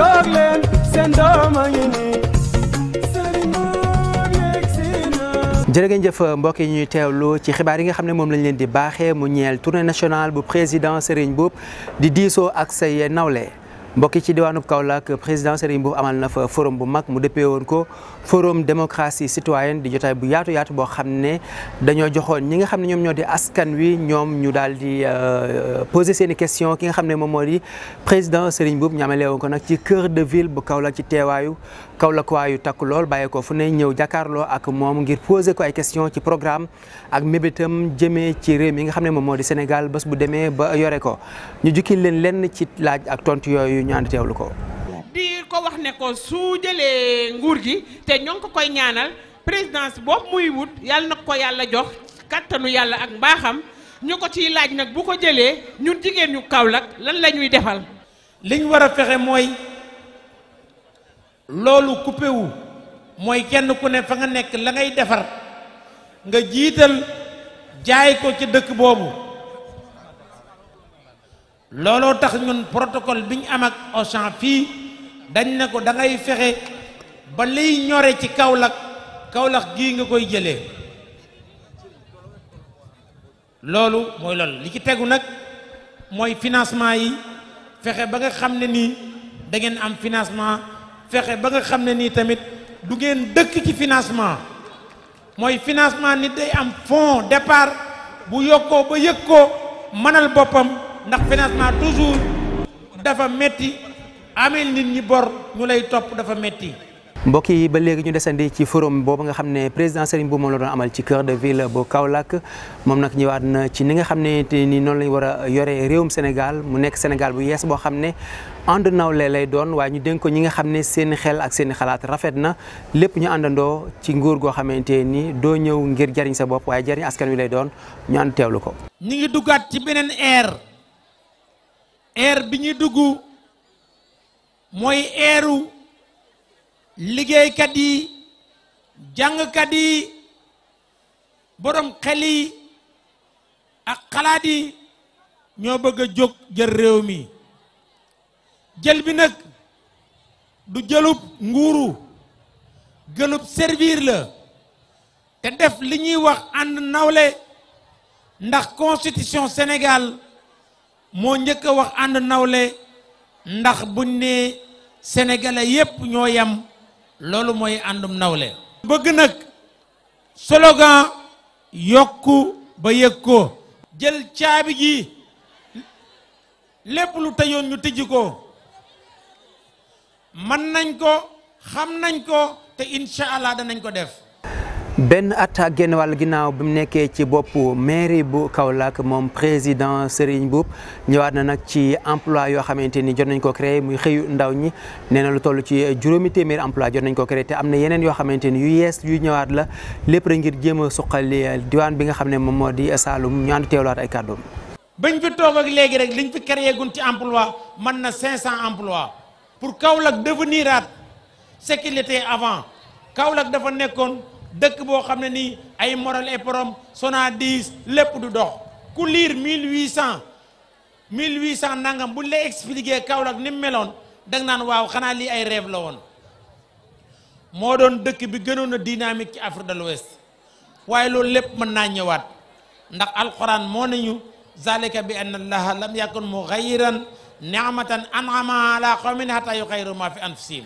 jóg leen seen doom a yi ñuy teewlu ci xibaar yi nga xam ne moom lañ leen di baaxee mu ñeel tournée nationale bu président Serigne Mboup di diisoo ak say nawle mbokki ci diwaanub Kaolack président Serigne Mbow amal na fa forum bu mag mu depee woon ko forum démocratie citoyenne di jotaay bu yaatu yaatu boo xam ne dañoo joxoon ñi nga xam ne ñoom ñoo di askan wi ñoom ñu daal di euh, poser seen i question ki nga xam ne moom moo di président Serigne Mbow ñu woon ko nag ci cœur de ville bu Kaolack ci teewaayu Kaolack waayu takk lool bàyyee ko fu ne ñëw jàkkaarloo ak moom ngir poser ko ay question ci programme ak mébétam jëmee ci réew mi nga xam ne moom moo di Sénégal bés bu demee ba yore ko ñu jukki leen lenn ci laaj ak tontu yooyu. yooyu ñu ànd ko. di ko wax ne ko su jëlee nguur gi te ñoo ko koy ñaanal présidence boobu muy wut yàlla nag ko yàlla jox kàttanu yàlla ak mbaaxam ñu ko ciy laaj nag bu ko jëlee ñu jigéen ñu kaw Kaolack lan la ñuy defal. liñ war a fexe mooy loolu coupé mooy kenn ku ne fa nga nekk la ngay defar nga jiital jaay ko ci dëkk boobu. looloo tax ñun protocole bi ñu am ak Auchan fii dañ ne ko dangay fexe ba liy ñore ci Kaolack Kaolack gii nga koy jëlee loolu mooy loolu li ci tegu nag mooy financement yi fexe ba nga xam ne nii da ngeen am financement fexe ba nga xam ne nii tamit du ngeen dëkk ci financement mooy financement nit day am fonds départ bu yokkoo ba yëg ko mënal boppam ndax financement toujours dafa metti ameel nit ñi bor ñu lay topp dafa metti mbokk yi ba léegi ñu desandi ci forum boobu nga xam ne président Serigne Bou moom la doon amal ci cœur de ville bu Kaolack moom nag ñëwaat na ci ni nga xam ne ni noonu lañu war a yore réewum Sénégal mu nekk Sénégal bu yees boo xam ne ànd nawle lay doon waaye ñu dénk ko ñi nga xam ne seeni xel ak seeni xalaat rafet na lépp ñu àndandoo ci nguur goo xamante ni doo ñëw ngir jariñ sa bopp waaye jariñ askan wi lay doon ñu ànd ko. air bi ñu dugg mooy airu liggéeykat yi jàngkat yi borom xel yi ak xalaat yi ñoo bëgg a jóg jël réew mi jël bi nag du jëlub nguuru gëlub servir la te def li ñuy wax ànd nawle ndax constitution Sénégal moo njëkk a wax ànd nawle ndax bu nee sénégalais yépp ñoo yam loolu mooy àndum nawle bëgg nag slogan yokku ba yëg ko jël caabi gi lépp lu tëjoon ñu tijji ko mën nañ ko xam nañ ko te incha allah danañ ko def benn at ak genn wàll ginnaaw bi mu nekkee ci bopp mairie bu Kaolack moom président seriñ Mboup ñëwaat na nag ci emploi yoo xamante ni jot nañ ko créé muy xëyu ndaw ñi nee na lu toll ci juróomi téeméer emploi jot nañ ko créé te am na yeneen yoo xamante ni yu yees yu ñëwaat la lépp rek ngir jéem a suqali diwaan bi nga xam ne moom moo di Saloum ñu ànd teewlaat ay kàddoom. bañ fi toog ak léegi rek liñ fi créé gun ci emploi man na cent emploi pour Kaolack deveniraat ce qu'il était avant dëkk boo xam ne nii ay moral et prom diis lépp du dox ku liir mille 1800 1800 nangam buñ la expliqué Kaolack ni mu meloon danga naan waaw xanaa lii ay rêve la woon moo doon dëkk bi gënoon a dynamique ci Afrique de l'Ouest waaye loolu lépp mën naa ñëwaat ndax alquran moo nañu zalika bi anna allaha lam yakun mughayiran ni'matan an'ama ala qawmin hatta yughayyiru ma fi anfusihim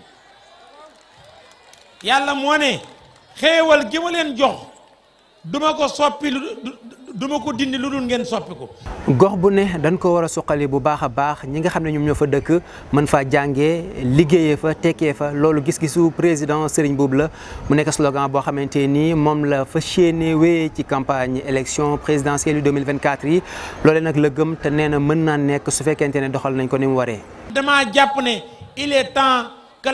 yàlla moo ne xéewal gi ma leen jox duma ko soppi lu duma ko dindi lu dul ngeen soppi ko. gox bu ne dañ ko war a suqali bu baax a baax ñi nga xam ne ñoom ñoo fa dëkk man faa jàngee liggéeyee fa tekkee fa loolu gis-gisu président Serigne Mboup la mu nekk slogan boo xamante nii moom la fas yéene wéyee ci campagne élection présidentielle yu quatre yi loole nag la gëm te nee na mën naa nekk su fekkente ne doxal nañ ko ni mu waree. damaa jàpp ne il temps que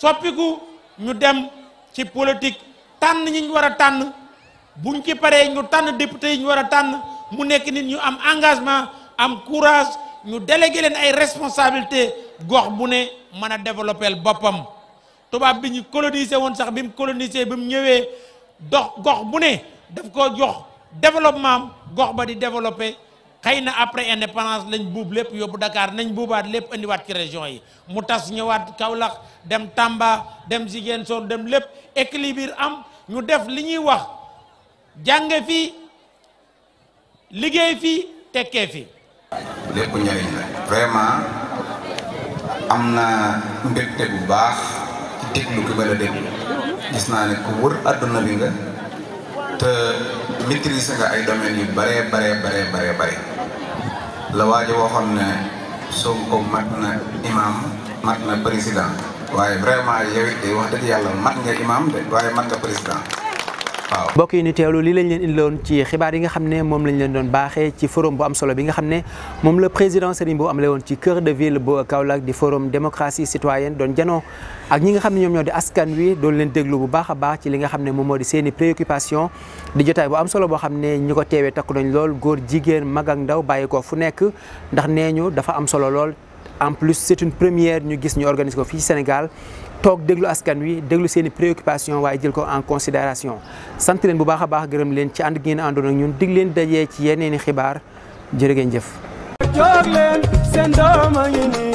soppiku ñu dem ci politique tànn ñi ñu war a tànn buñ ci paree ñu tànn député yi ñu war a tànn mu nekk nit ñu am engagement am courage ñu délégué leen ay responsabilité gox bu ne mën a développé boppam tubaab bi ñu colonisé woon sax bim mu colonisé bi mu ñëwee dox gox bu ne daf ko jox développement gox ba di développé xëy na après indépendance lañ buub lépp yóbbu dakaar nañ buubaat lépp andiwaat ci région yi mu tas ñëwaat Kaolack dem Tamba dem jigéen Ziguinchor dem lépp équilibre am ñu def li ñuy wax jànge fii liggéey fii tekkee fi lépp njëriñ la vraiment am na mbégte bu baax ci déglu bi ma la déglu gis naa ne ku wër àdduna bi te. maîtriser nga ay domaines yu baree baree baree baree bëri la waa ji waxoon ne Sonko mat na imam mat na président waaye vraiment yow it wax dëgg yàlla mat nga imam de waaye mat nga président waaw mbokk yi ñu teewlu li lañ leen indiloon ci xibaar yi nga xam ne moom lañ leen doon baaxee ci forum bu am solo bi nga xam ne moom la président Serigne Mbow amale woon ci cœur de ville bu Kaolack di forum démocratie citoyenne doon janoo ak ñi nga xam ne ñoom ñoo di askan wi doon leen déglu bu baax a baax ci li nga xam ne moom moo di seen i di jotaay bu am solo boo xam ne ñi ko teewee takku nañ lool góor jigéen mag ndaw bàyyi ko fu nekk ndax nee ñu dafa am solo lool en plus c'est une première ñu gis ñu organise ko fii Sénégal toog déglu askan wi déglu seen i préoccupation waaye jël ko en considération sant leen bu baax a baax gërëm leen ci ànd gi ngeen ñun dig leen dajee ci yeneen xibaar jërë ngeen jëf.